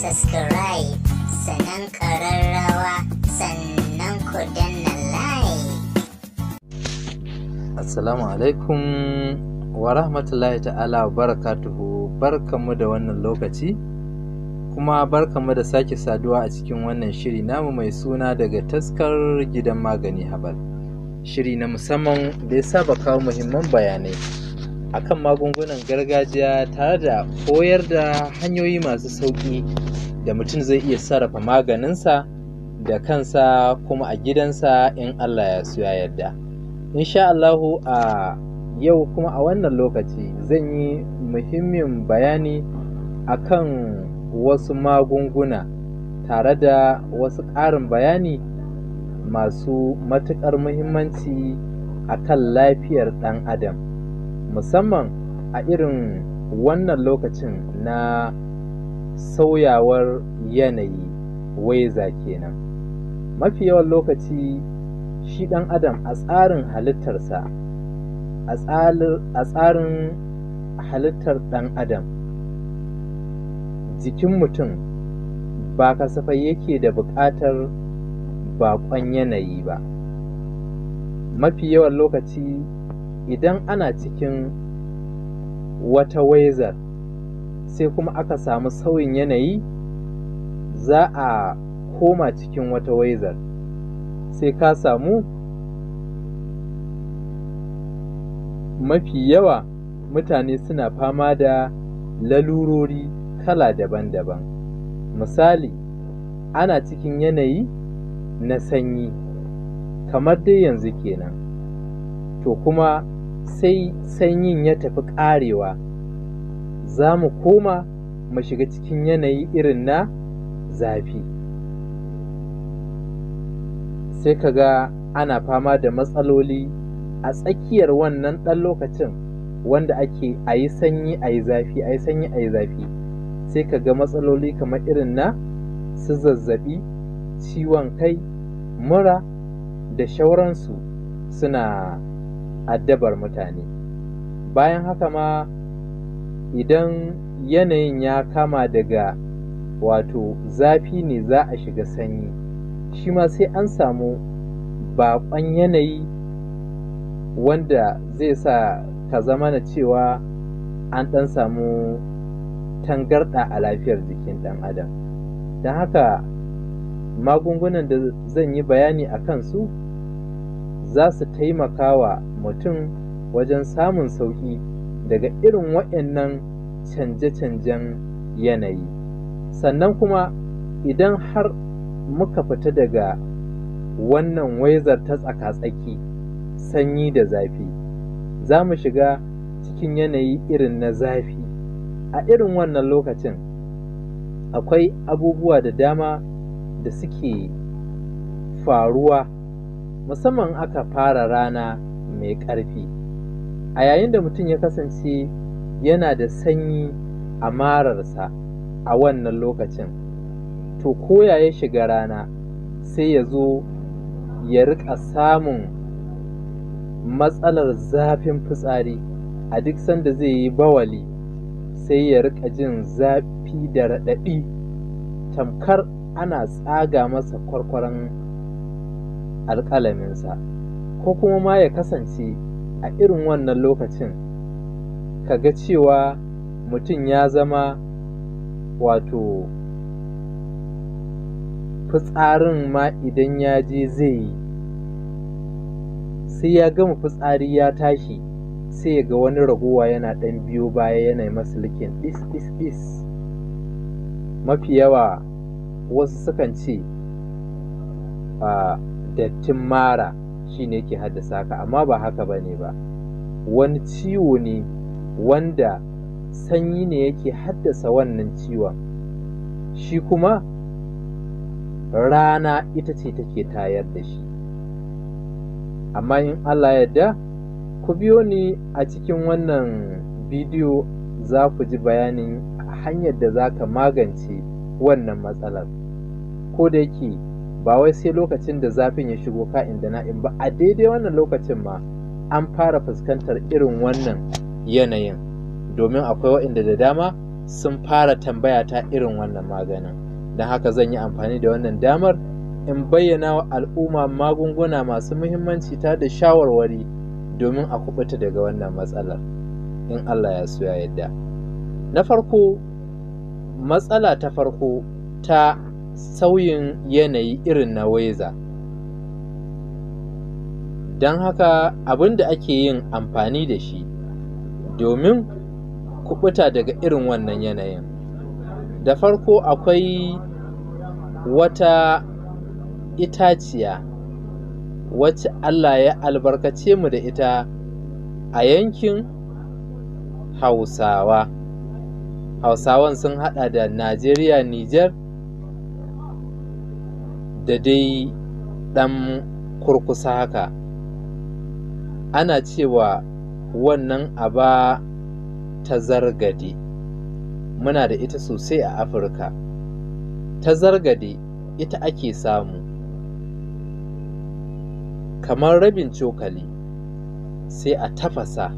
subscribe sannan ƙararrawa sannan ku danna like. Assalamu alaikum wa rahmatullahi ta'ala wa barakatuhu barkamu da wannan lokaci kuma mu da sake saduwa a cikin wannan shiri namu mai suna daga taskar gidan magani habal shiri na musamman da ya saba kawo muhimman bayanai akan magungunan gargajiya tare da koyar da hanyoyi masu sauƙi da mutum zai iya sarrafa maganinsa da kansa kuma a gidansa in Allah ya so ya yarda. Insha Allahu a yau kuma a wannan lokaci zan yi muhimmin bayani akan wasu magunguna tare da wasu ƙarin bayani masu matuƙar muhimmanci akan lafiyar ɗan adam. musamman a irin wannan lokacin na sauyawar yanayi waiza kenan mafi yawan lokaci shi ɗan adam a tsarin halittarsa a tsarin halittar ɗan adam jikin mutum ba kasafai yake da buƙatar bakon yanayi ba mafi yawan lokaci idan ana cikin wata waizar sai kuma aka samu sauyin yanayi za a koma cikin wata waizar sai ka samu mafi yawa mutane suna fama da lalurori kala daban-daban misali ana cikin yanayi na sanyi kamar dai yanzu kenan to kuma sai sanyin ya tafi ƙarewa za mu koma mu shiga cikin yanayi irin na zafi sai ka ga ana fama da matsaloli a tsakiyar wannan ɗan lokacin wanda ake a yi sanyi a yi zafi a yi sanyi a yi zafi sai ka ga matsaloli kamar irin na su zazzaɓi ciwon kai mura da shauransu suna addabar mutane bayan haka ma idan yanayin ya kama daga wato zafi ne za a shiga sanyi shi ma sai an samu baƙon yanayi wanda zai sa ka zama na cewa an ɗan samu tangarɗa a lafiyar jikin ɗan adam don haka magungunan da zan yi bayani a kansu za su taimaka wa mutum wajen samun sauƙi daga irin waɗannan canje-canjen yanayi. Sannan kuma idan har muka fita daga wannan waizar ta tsaka-tsaki, sanyi da zafi, za mu shiga cikin yanayi irin na zafi. A irin wannan lokacin, akwai abubuwa da dama da suke faruwa. musamman aka fara rana mai ƙarfi. A yayin da mutum ya kasance yana da sanyi a mararsa a wannan lokacin, to koya ya shiga rana sai ya zo ya riƙa samun matsalar zafin fitsari a duk sanda zai yi bawali sai ya riƙa jin zafi da raɗaɗi tamkar ana tsaga masa kwarkwaran alƙalaminsa ko kuma ma ya kasance a irin wannan lokacin ka ga cewa mutum ya zama wato fitsarin ma idan ya je zai yi sai ya gama fitsari ya tashi sai ya ga wani ragowa yana ɗan biyo baya yana masu likin ɗis ɗis ɗis mafi yawa wasu sukan ce a ah, dattin mara shi ne ke haddasa ka amma ba haka ba ne ba wani ciwo ne wanda sanyi ne yake haddasa wannan ciwon shi kuma rana ita ce take tayar da shi amma in allah yadda ku biyo ni a cikin wannan bidiyo za ku ji bayanin hanyar da za ka magance wannan matsalar ko da yake ba wai sai lokacin da zafin ya shigo ka'in da na'in ba a daidai wannan lokacin ma an fara fuskantar irin wannan yanayin domin akwai waɗanda da dama sun fara tambaya ta irin wannan maganin don haka zan yi amfani da wannan damar in bayyana wa al'umma magunguna masu muhimmanci ta da shawarwari domin a kubuta daga wannan matsalar in Allah ya so ya yadda na farko matsala ta farko ta sauyin yanayi irin na weza. Don haka abin da ake yin amfani da shi domin kuɓuta daga irin wannan yanayin. Da farko akwai wata itaciya wacce Allah ya albarkace mu da ita a yankin Hausawa. Hausawan sun haɗa da Najeriya, Nijar, da dai ɗan kurkusa haka ana cewa wannan aba ta zargade muna da ita sosai a afirka ta zargade ita ake samu kamar rabin cokali sai a tafasa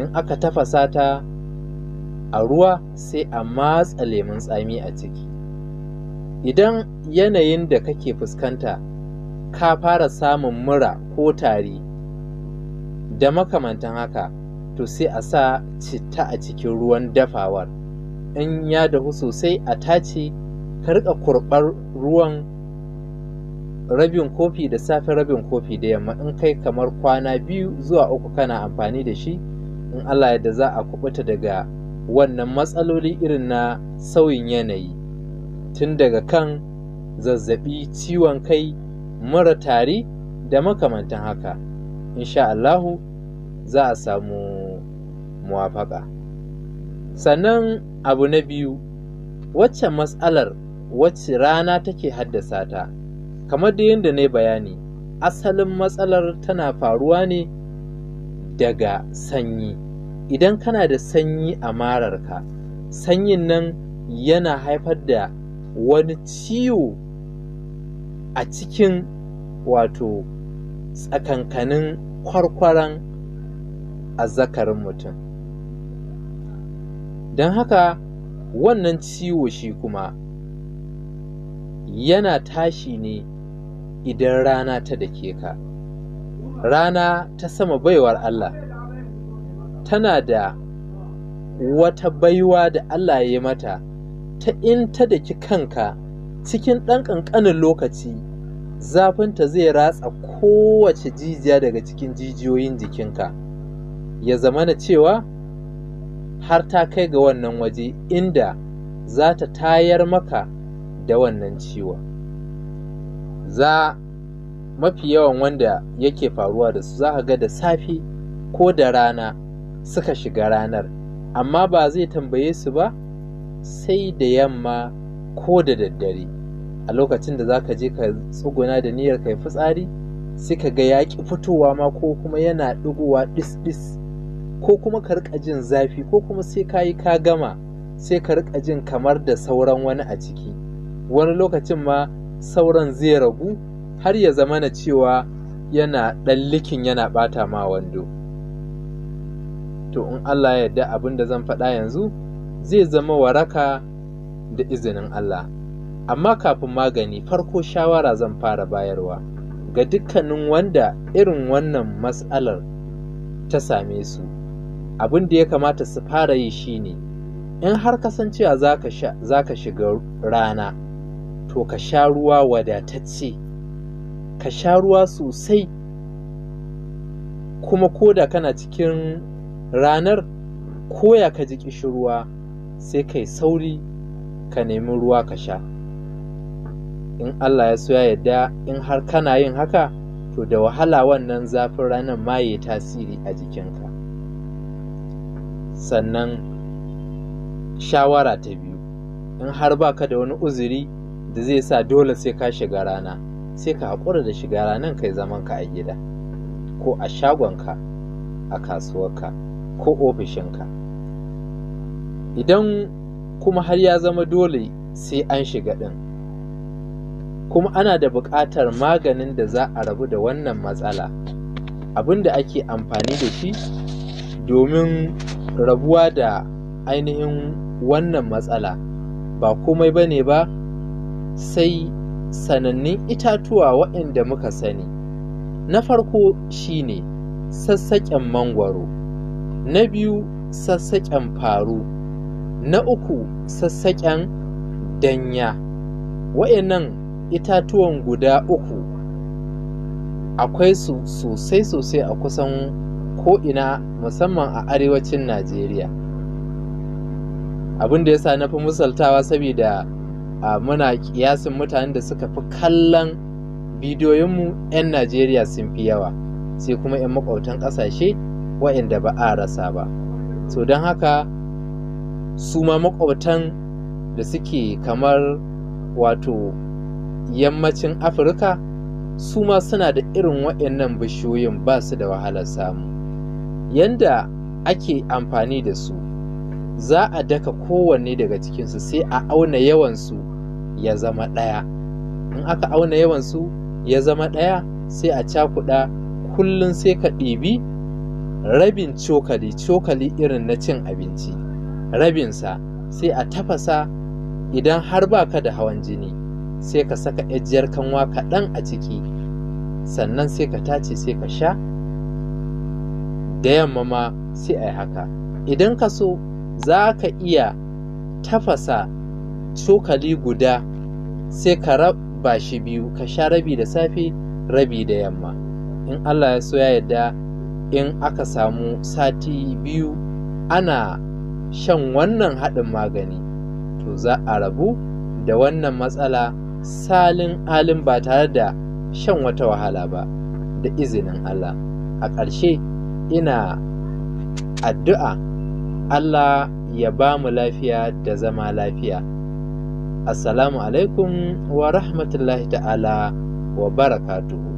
in aka tafasa ta a ruwa sai a matsa lemun tsami a ciki Idan yanayin da kake fuskanta ka fara samun mura ko tari da makamantan haka, to sai a sa citta a cikin ruwan dafawar. In ya dahu sosai a tace, ka riƙa kurɓar ruwan rabin kofi da safe rabin kofi da yamma in kai kamar kwana biyu zuwa uku kana amfani da shi in Allah da za a kubuta daga wannan matsaloli irin na sauyin yanayi. tun daga kan zazzaɓi ciwon kai mara tari da makamantan haka insha Allahu za a samu muwafaka sannan abu na biyu wacce matsalar wacce rana take haddasa ta kamar da yadda na bayani asalin matsalar tana faruwa ne daga sanyi idan kana da sanyi a mararka sanyin nan yana haifar da wani ciwo a cikin wato tsakankanin kwarkwaran azzakarin mutum don haka wannan ciwo shi kuma yana tashi ne idan rana ta dake ka rana ta sama baiwar Allah tana da wata baiwa da Allah ya yi mata ta in ta daki kanka cikin ɗan ƙanƙanin lokaci zafinta zai ratsa kowace jijiya daga cikin jijiyoyin jikinka ya zamana cewa har ta kai ga wannan waje inda za ta tayar maka da wannan ciwo za mafi yawan wanda yake faruwa da su za ga da safe ko da rana suka shiga ranar amma ba zai tambaye su ba sai da yamma ko da daddare a lokacin da za ka je ka tsuguna da niyyar kai fitsari sai ka ga ya fitowa ma ko kuma yana ɗigowa ɗis-ɗis ko kuma ka rika jin zafi ko kuma sai ka yi ka gama sai ka rika jin kamar da sauran wani a ciki wani lokacin ma sauran zai ragu har ya zamana cewa yana ɗan likin yana ɓata ma wando to in Allah ya yarda abin da zan faɗa yanzu zai zama waraka da izinin Allah. Amma kafin magani farko shawara zan fara bayarwa ga dukkanin wanda irin wannan matsalar ta same su. Abin da ya kamata su fara yi shi ne. in har kasancewa za ka shiga rana to ka sha ruwa wadatacce, ka sha ruwa sosai kuma koda kana cikin ranar koya ka ji ƙishirwa sai kai sauri ka nemi ruwa ka sha in Allah ya so ya yadda in har kana yin haka to da wahala wannan zafin ranar ma yayi tasiri a jikinka sannan shawara ta biyu in har baka da wani uzuri da zai sa dole sai ka shiga rana sai ka haƙura da shiga ranar kai zamanka a gida ko a shagonka a kasuwarka ko ofishinka idan kuma har ya zama dole sai an shiga ɗin kuma ana da buƙatar maganin da za a rabu da wannan matsala abin da ake amfani da shi domin rabuwa da ainihin wannan matsala ba komai ba ne ba sai sanannun itatuwa waɗanda muka sani na farko shine sassaƙen mangwaro na biyu sassaƙen faru Na uku sassaƙen danya, waɗannan itatuwan guda uku akwai su sosai sosai a kusan ko'ina musamman a arewacin Najeriya. Abin da ya sa na fi misaltawa saboda a muna ƙiyasin mutanen da suka fi kallon bidiyoyinmu 'yan Najeriya sun fi yawa, sai kuma 'yan maƙwabtan ƙasashe wayanda ba a rasa ba. So don haka su ma makwabtan da suke kamar wato yammacin afirka su ma suna da irin wa'annan bishiyoyin ba su da wahalar samu yanda ake amfani da su za a daka kowanne daga cikinsu sai a auna yawansu ya zama ɗaya in aka auna yawansu ya zama ɗaya sai a cakuɗa kullum sai ka ɗibi rabin cokali cokali irin na cin abinci rabinsa sai a tafasa idan har baka da hawan jini sai ka saka ajiyar kanwa kaɗan a ciki sannan sai ka tace sai ka sha da yamma ma sai a yi haka idan ka so za ka iya tafasa cokali guda sai ka raba shi biyu ka sha rabi da safe rabi da yamma in allah ya so ya yadda in aka samu sati biyu ana shan wannan haɗin magani to za a rabu da wannan matsala salin alin ba tare da shan wata wahala ba da izinin Allah a ƙarshe ina addu'a Allah ya ba mu lafiya da zama lafiya assalamu alaikum wa rahmatullahi ta'ala wa barakatuhu